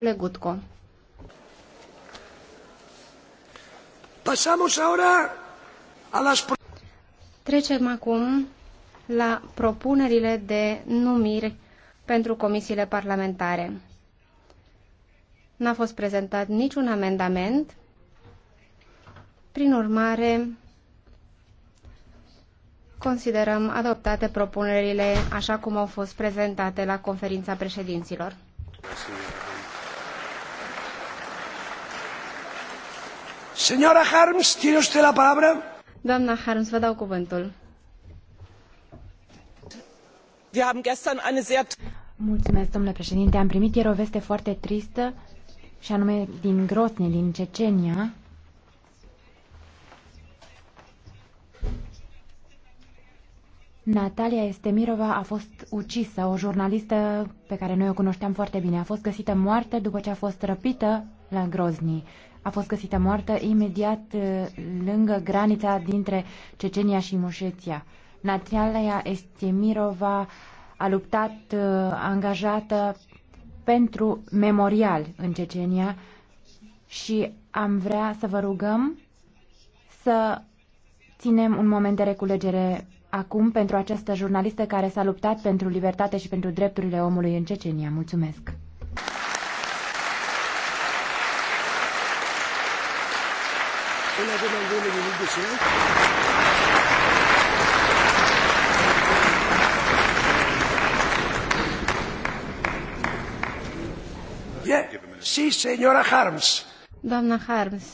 Legutko. Pasamos ahora a las... Trecem acum la propunerile de numiri pentru comisiile parlamentare. N-a fost prezentat niciun amendament. Prin urmare, considerăm adoptate propunerile așa cum au fost prezentate la conferința președinților. Mulțumesc. Señora Harms, tiene usted la palabra? Doamna Harms, vă dau cuvântul. Wir haben gestern eine sehr... Mulțumesc, domnule președinte. Am primit ieri o veste foarte tristă, și anume din Grozny, din Cecenia, Natalia Estemirova a fost ucisă, o jurnalistă pe care noi o cunoșteam foarte bine. A fost găsită moartă după ce a fost răpită la Grozny. A fost găsită moartă imediat uh, lângă granița dintre Cecenia și Mușeția. Natalia Estemirova a luptat uh, angajată pentru memorial în Cecenia și am vrea să vă rugăm să ținem un moment de reculegere acum pentru această jurnalistă care s-a luptat pentru libertate și pentru drepturile omului în Cecenia. Mulțumesc! Ona je dans deux de silence. Yeah. Sí, señora Harms. Doamna Harms.